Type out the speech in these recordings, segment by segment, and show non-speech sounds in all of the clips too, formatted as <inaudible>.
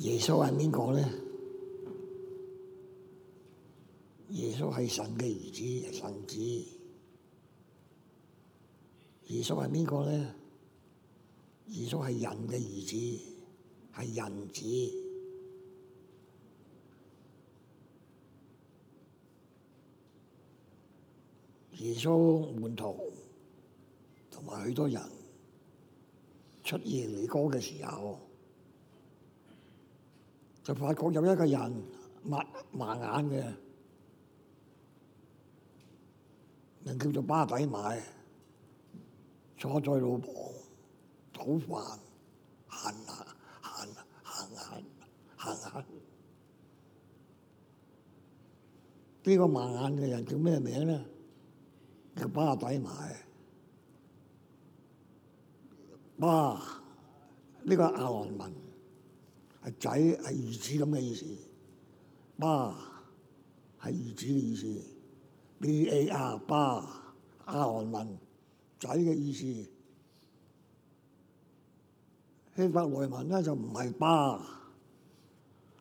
耶穌係邊個呢？耶穌係神嘅兒子，神子。耶穌係邊個呢？耶穌係人嘅兒子，係人子。耶穌門徒同埋許多人出耶利哥嘅時候，就發覺有一個人盲盲眼嘅，人叫做巴底買，坐在路旁，討飯，行行行行行行。呢 <laughs> 個盲眼嘅人叫咩名咧？叫巴底買。哇！呢、這個亞蘭文。仔係兒子咁嘅意思，巴係兒子嘅意思，B A R 巴阿韓文仔嘅、啊、意思，希伯來文咧就唔係巴，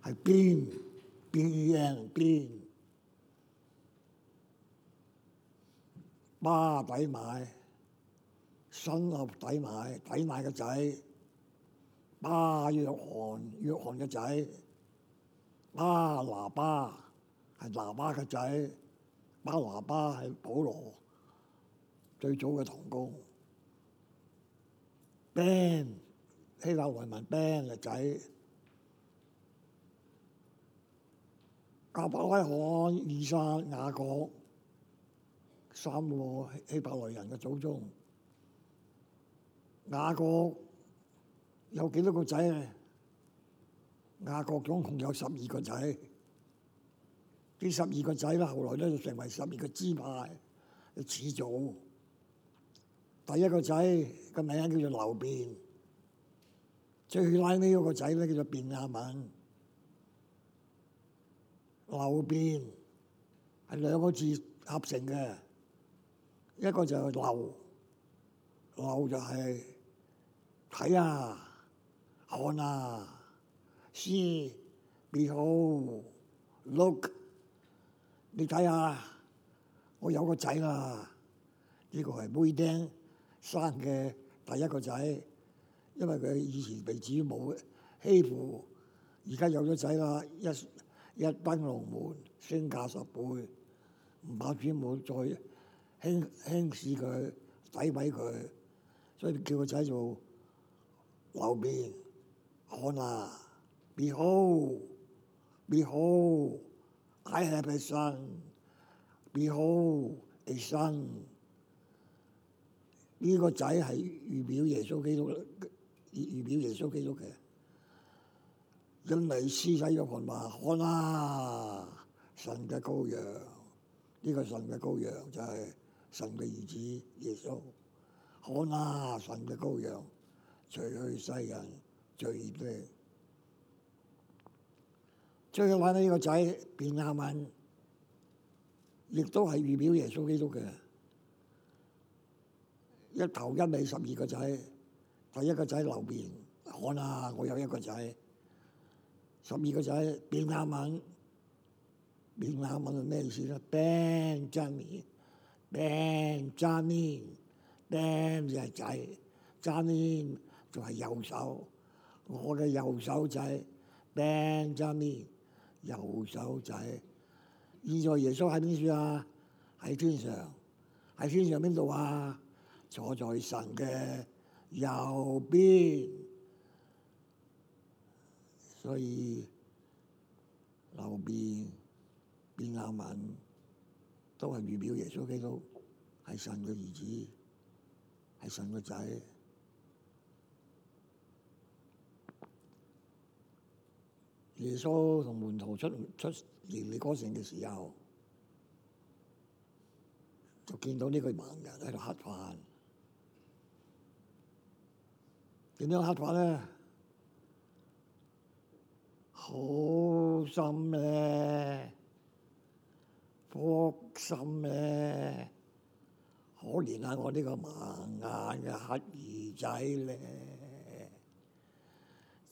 係邊、嗯 B A、N，邊巴底買新屋底買底買個仔。巴約翰、約翰嘅仔，巴拿巴係拿巴嘅仔，巴拿巴係保羅最早嘅同工。Ben 希伯來文 Ben 嘅仔，亞伯拉罕、以撒、雅各，三個希伯來人嘅祖宗，雅各。有幾多個仔啊？亞國總共有十二個仔，呢十二個仔咧，後來咧就成為十二個支派，始祖。第一個仔個名叫做劉辯，最拉尾嗰個仔咧叫做辯亞文。劉辯係兩個字合成嘅，一個就係劉，劉就係睇啊！看看看啊 see, behold, look 你睇下，我有個仔啦。呢、這個係妹丁生嘅第一個仔，因為佢以前被主母欺負，而家有咗仔啦，一一登龍門，升價十倍，唔怕主母再輕輕視佢、詆毀佢，所以叫個仔做流便。看啦，behold，behold，behold，I have a son，behold a son，呢個仔係預表耶穌基督啦，預表耶穌基督嘅，因為施洗約翰話，看啦，神嘅羔羊，呢、這個神嘅羔羊就係神嘅兒子耶穌，看啦，神嘅羔羊，除去世人。最熱咩？最近玩咧，呢個仔便雅憫，亦都係預表耶穌基督嘅。一頭一尾十二個仔，第一個仔流便，看下、啊，我有一個仔。十二個仔，便雅憫，便雅憫係咩意思咧？Benjamin Benjamin Ben 嘅仔 jamin 仲係右手。我嘅右手仔 Benjamin，右手仔，現在耶穌喺邊處啊？喺天上，喺天上邊度啊？坐在神嘅右邊，所以右邊便雅憫都係預表耶穌基督係神嘅兒子，係神嘅仔。耶穌同門徒出出耶利哥城嘅時候，就見到呢個盲人喺度乞飯。點樣乞飯咧？好心咧、啊，福心咧、啊，可憐下、啊、我呢個盲眼嘅乞兒仔咧。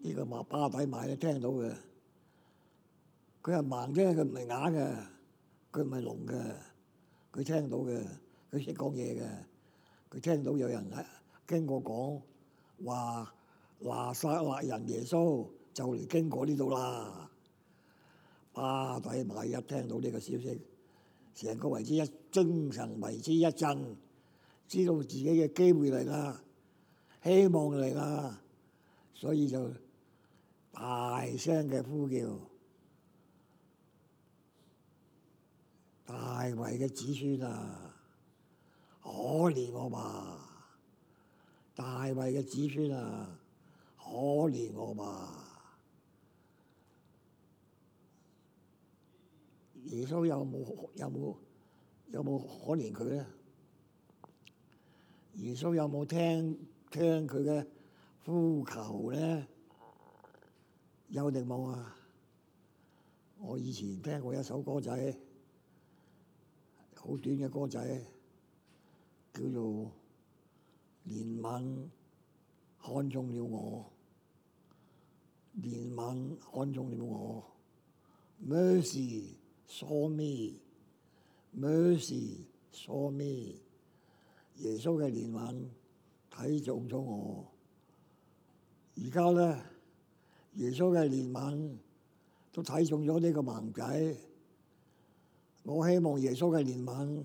呢個麻巴底買咧聽到嘅，佢係盲啫，佢唔係啞嘅，佢唔係聾嘅，佢聽到嘅，佢識講嘢嘅，佢聽到有人喺經過講話，拿撒勒人耶穌就嚟經過呢度啦！巴底買一聽到呢個消息，成個為之一精神為之一振，知道自己嘅機會嚟啦，希望嚟啦，所以就，大聲嘅呼叫，大衛嘅子孫啊，可憐我吧！大衛嘅子孫啊，可憐我吧！耶穌有冇，有冇，有冇可憐佢咧？耶穌有冇聽，聽佢嘅呼求咧？有定冇啊？我以前聽過一首歌仔，好短嘅歌仔，叫做《憐憫看中了我》，憐憫看中了我，Mercy saw me，Mercy saw me，耶穌嘅憐憫睇中咗我，而家咧。耶穌嘅憐憫都睇中咗呢個盲仔。我希望耶穌嘅憐憫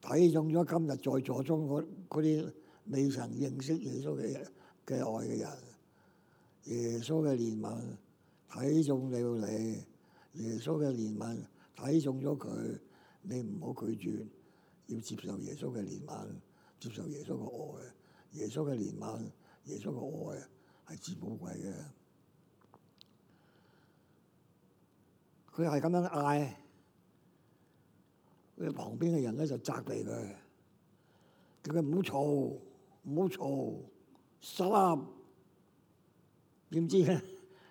睇中咗今日在座中嗰嗰啲未曾認識耶穌嘅嘅愛嘅人。耶穌嘅憐憫睇中咗你，耶穌嘅憐憫睇中咗佢。你唔好拒絕，要接受耶穌嘅憐憫，接受耶穌嘅愛。耶穌嘅憐憫，耶穌嘅愛係至寶貴嘅。佢係咁樣嗌，佢旁邊嘅人咧就責備佢，叫佢唔好嘈，唔好嘈，stop。點知咧？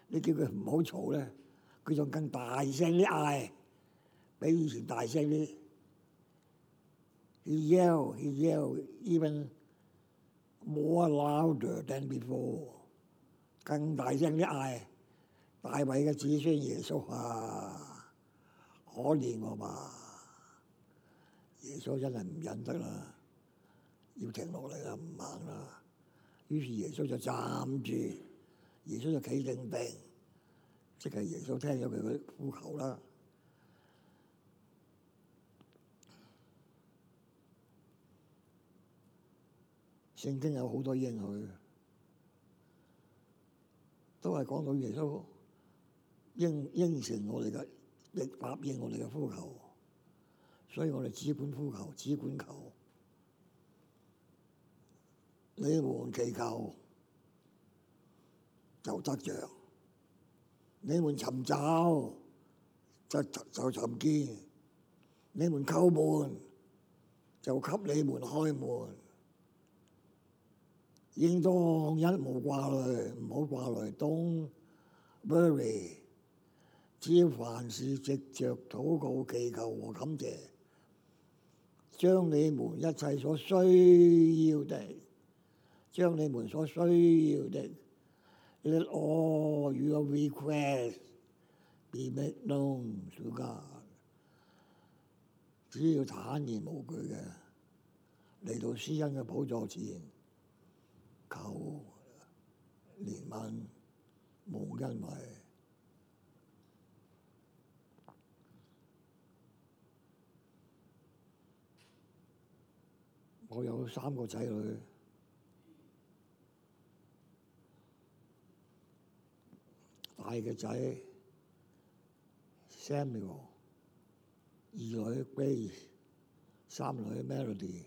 你叫佢唔好嘈咧，佢仲更大聲啲嗌，比以前大聲啲。He yelled, he yelled, even more louder than before。更大聲啲嗌。大衞嘅子孫耶穌啊，可憐我吧！耶穌真係唔忍得啦，要停落嚟啦，唔猛啦。於是耶穌就站住，耶穌就企定定，即係耶穌聽咗佢嘅呼求啦。聖經有好多應許，都係講到耶穌。應應承我哋嘅，答應我哋嘅呼求，所以我哋只管呼求，只管求。你們祈求就得着，你們尋找就就尋見，你們叩門就給你們開門。應當一無掛慮，唔好掛慮，Don't worry。只要凡事藉著禱告祈求和感謝，將你們一切所需要的，將你們所需要的，Let all your requests be made known to God。只要坦然無懼嘅嚟到施恩嘅寶座前，求憐憫，無恩惠。我有三個仔女，大嘅仔 Samuel，二女 Grace，三女 Melody，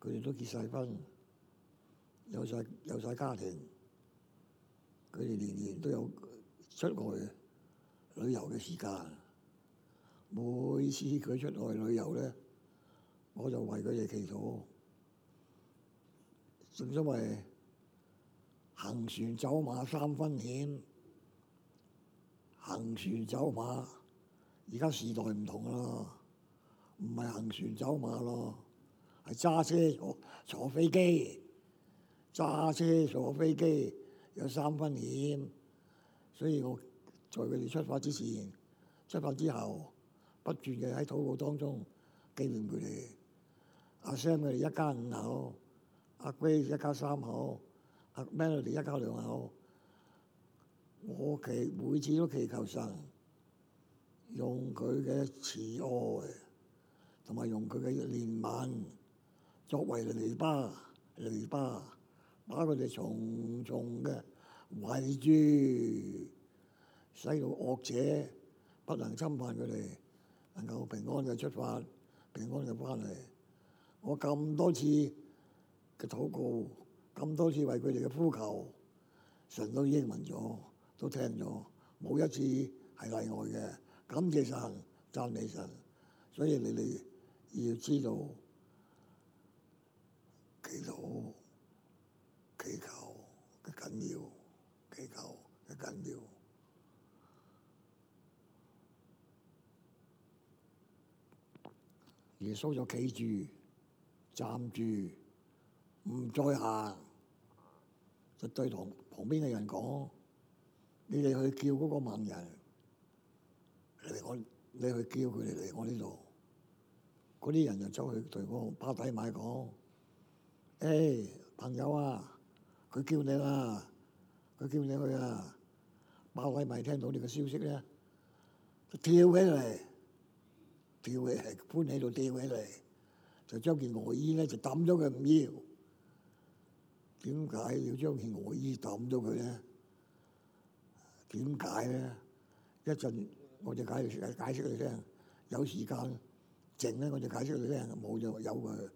佢哋都結曬婚，有曬有曬家庭，佢哋年年都有出外旅遊嘅時間。每次佢出外旅遊咧，我就為佢哋祈禱，正所謂行船走馬三分險，行船走馬而家時代唔同啦，唔係行船走馬咯，係揸車坐坐飛機，揸車坐飛機有三分險，所以我在佢哋出發之前、出發之後，不斷嘅喺禱告當中記念佢哋。阿 Sam 佢哋一家五口，阿 Grace 一家三口，阿 Melody 一家兩口，我其每次都祈求神用佢嘅慈愛同埋用佢嘅憐憫作為籬笆，籬笆把佢哋重重嘅圍住，使到惡者不能侵犯佢哋，能夠平安嘅出發，平安嘅返嚟。我咁多次嘅禱告，咁多次為佢哋嘅呼求，神都應允咗，都聽咗，冇一次係例外嘅。感謝神，讚美神。所以你哋要知道祈禱、祈求嘅緊要，祈求嘅緊要。耶穌就企住。站住！唔再行，就對同旁邊嘅人講：你哋去叫嗰個盲人嚟我，你去叫佢哋嚟我呢度。嗰啲人就走去對個巴底買講：誒、hey，朋友啊，佢叫你啦，佢叫你去啊！巴底買聽到你個消息咧，就跳起嚟，跳起嚟，歡喜到跳起嚟。就將件外衣咧，就抌咗佢唔要。點解要將件外衣抌咗佢咧？點解咧？一陣我就解釋解釋佢哋聽，有時間靜咧，我就解釋佢哋聽；冇就有佢，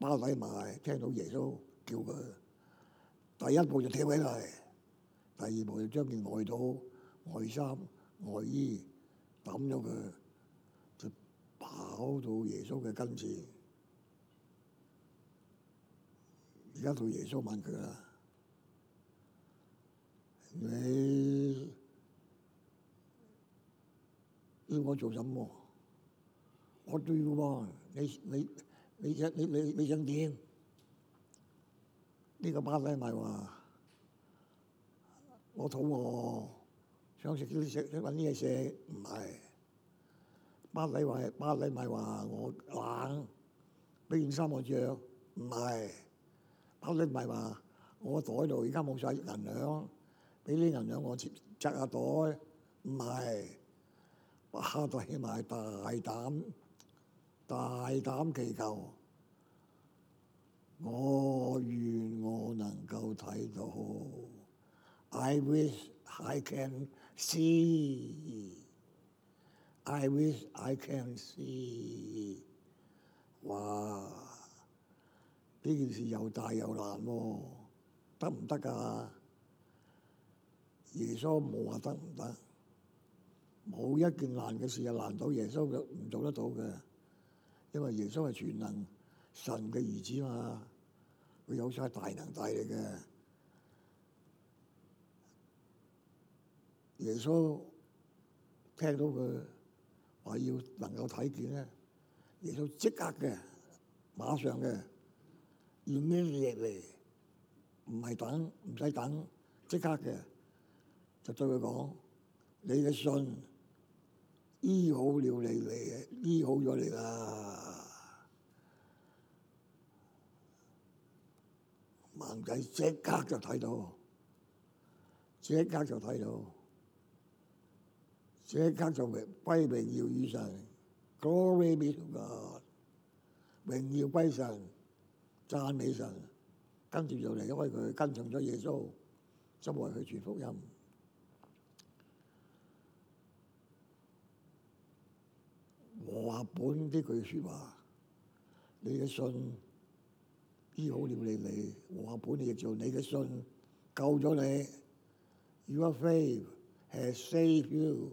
包底埋，聽到耶穌叫佢，第一步就跳起嚟，第二步就將件外套、外衫、外衣抌咗佢。跑到耶穌嘅跟前，而家到耶穌問佢啦：你要我做什麼？我都要幫你。你你你想你你你想點？呢個巴西咪話我肚餓，想食啲食，想揾啲嘢食，唔係。巴黎話：巴黎咪話我冷，俾件衫我著。唔係，巴黎咪話我袋度而家冇曬銀兩，俾啲銀兩我折下袋。唔係，下度起碼係大膽，大膽祈求。我願我能夠睇到，I wish I can see。I wish I can see，哇！呢件事又大又難喎，哦，得唔得噶？耶穌冇話得唔得，冇一件難嘅事又難到耶穌唔做得到嘅，因為耶穌係全能神嘅兒子嘛，佢有曬大能大力嘅。耶穌聽到佢。我要能夠睇見咧，亦都即刻嘅，馬上嘅，要咩嘢嚟，唔係等，唔使等，即刻嘅，就對佢講：你嘅信醫好了你嚟，醫好咗你啦！盲仔即刻就睇到，即刻就睇到。即刻就歸榮耀與神，Glory be to God，榮耀歸神，讚美神。跟住就嚟，因為佢跟從咗耶穌，周圍去傳福音。我阿本呢句説話，你嘅信醫好了你，你我阿本亦就你嘅信救咗你。Your faith has saved you.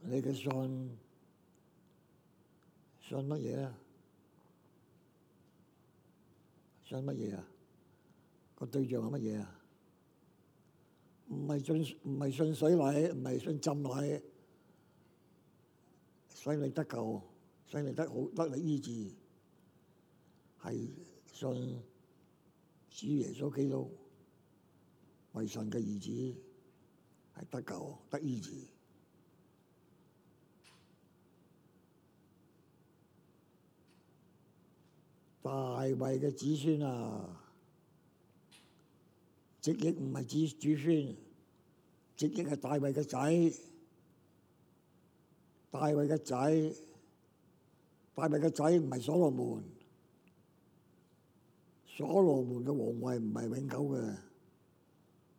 你嘅信信乜嘢啊？信乜嘢啊？個對象係乜嘢啊？唔係信唔係信水禮，唔係信浸禮。信你得救，信你得好，得你醫治，係信主耶穌基督為神嘅兒子，係得救得醫治。大衛嘅子孫啊，直譯唔係子子孫，直譯係大衛嘅仔，大衛嘅仔，大衛嘅仔唔係所羅門，所羅門嘅皇位唔係永久嘅，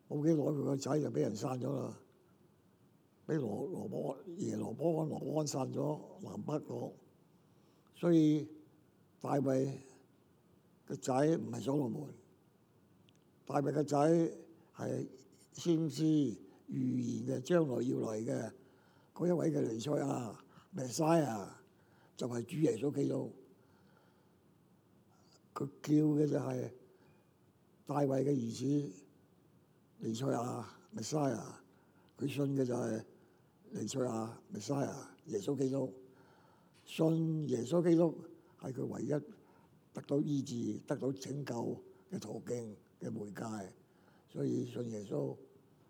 冇幾耐佢個仔就俾人殺咗啦，俾羅羅波耶羅波安羅安殺咗南北國，所以大衛，個仔唔係所羅門，大衛嘅仔係先知預言嘅，將來要嚟嘅嗰一位嘅尼賽亞、Messiah，就係主耶穌基督。佢叫嘅就係大衛嘅兒子尼賽亞、Messiah。佢信嘅就係尼賽亞、Messiah，耶穌基督。信耶穌基督係佢唯一得到醫治、得到拯救嘅途徑嘅媒介，所以信耶穌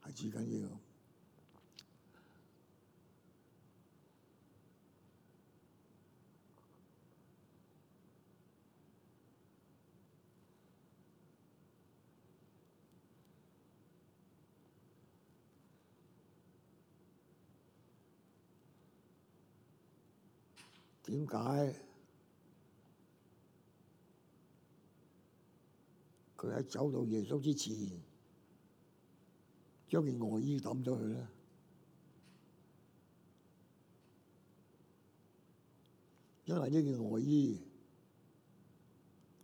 係至緊要。點解？佢喺走到耶穌之前，將件外衣揼咗佢啦，因為呢件外衣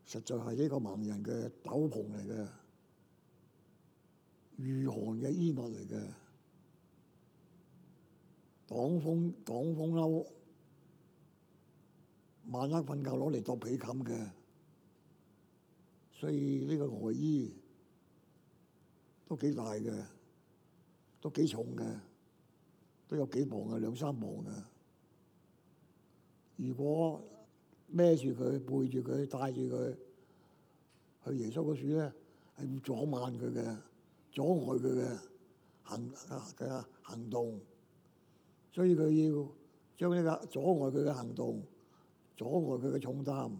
實在係呢個盲人嘅斗篷嚟嘅，御寒嘅衣物嚟嘅，擋風、擋風褸，晚黑瞓覺攞嚟當被冚嘅。所以呢個外、呃、衣都幾大嘅，都幾重嘅，都有幾磅呀，兩三磅嘅。如果孭住佢、背住佢、帶住佢去耶穌嗰處咧，係要阻慢佢嘅、阻礙佢嘅行嘅行動。所以佢要將呢個阻礙佢嘅行動、阻礙佢嘅重擔、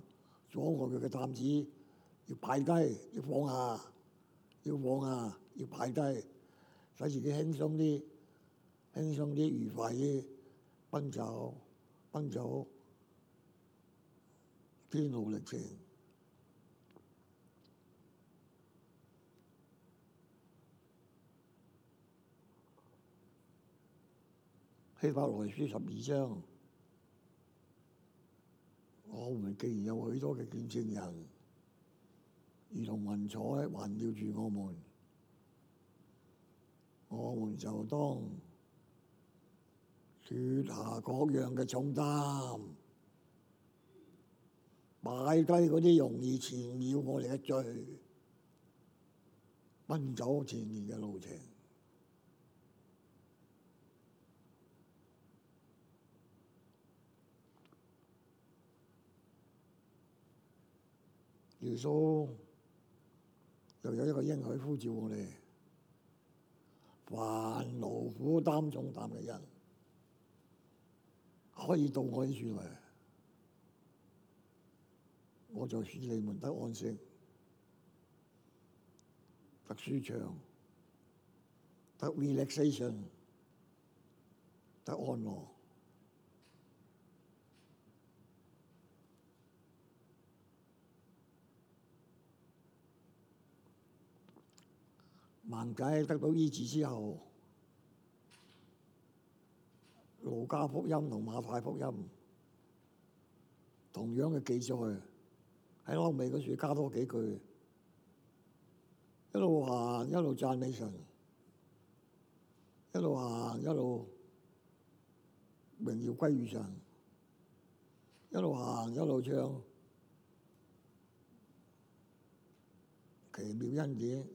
阻礙佢嘅擔子。要擺低，要放下，要放下，要擺低，使自己輕鬆啲，輕鬆啲，愉快啲，奔走，奔走，天路歷程。希伯來書十二章：「我們既然有許多嘅見證人。如同雲彩環繞住我們，我們就當卸下各樣嘅重擔，擺低嗰啲容易纏繞我哋嘅罪，奔走前面嘅路程，耶穌。就有一個英女呼召我哋，凡勞苦擔重擔嘅人，可以到我呢處嚟，我就使你們得安息，得舒暢，得 relaxation，得安樂。盲仔得到醫治之後，路加福音同馬太福音同樣嘅記載，喺後尾嗰處加多幾句，一路行一路讚美神，一路行一路榮耀歸於神，一路行一路唱奇妙恩典。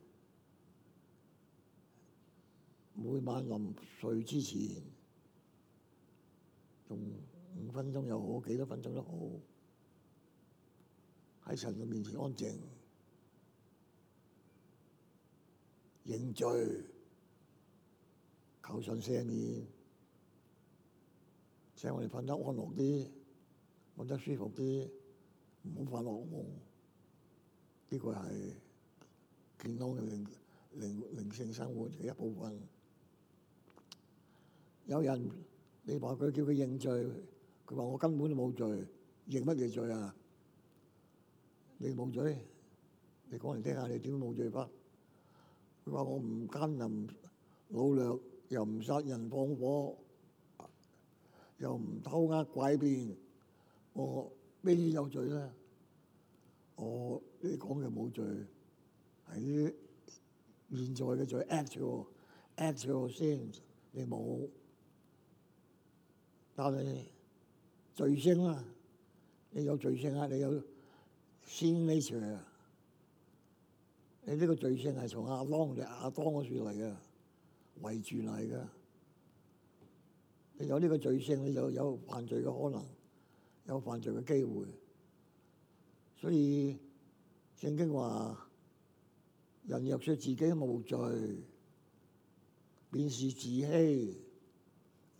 每晚臨睡之前，用五分鐘又好，幾多分鐘都好，喺神嘅面前安靜認罪，求上帝赦免，請我哋瞓得安劣啲、瞓得舒服啲、唔好發惡夢，呢個係健康嘅靈靈靈性生活嘅一部分。有人你話佢叫佢認罪，佢話我根本都冇罪，認乜嘢罪啊？你冇罪，你講嚟聽下，你點冇罪法？佢話我唔奸淫擄掠，又唔殺人放火，又唔偷呃拐騙，我邊啲有罪咧？我呢啲講嘅冇罪，係啲現在嘅罪 actual actual sense 你冇。但係你罪性啦，你有罪性啊，你有先呢樹啊，你呢個罪性係從亞當嘅亞當嗰處嚟嘅，遺傳嚟噶，你有呢個罪性，你就有犯罪嘅可能，有犯罪嘅機會，所以聖經話人若說自己無罪，便是自欺。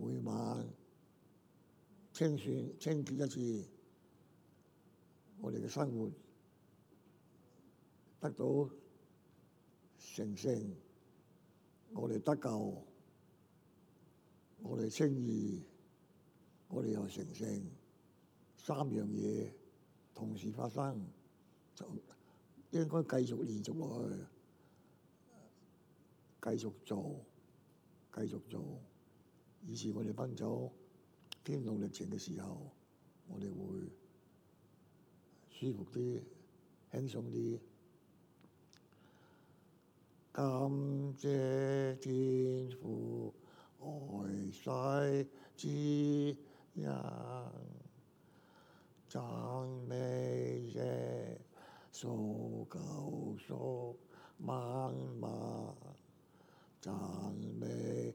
每晚清算清潔一次，我哋嘅生活得到成聖，我哋得救，我哋稱義，我哋又成聖，三樣嘢同時發生，就應該繼續連續落去，繼續做，繼續做。以前我哋奔走天路歷程嘅時候，我哋會舒服啲、輕鬆啲。 <music> 感謝天父愛世之人，讚美耶穌救贖萬民，讚美。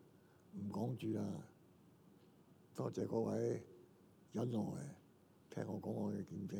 唔講住啦，多謝各位忍耐，聽我講我嘅見證。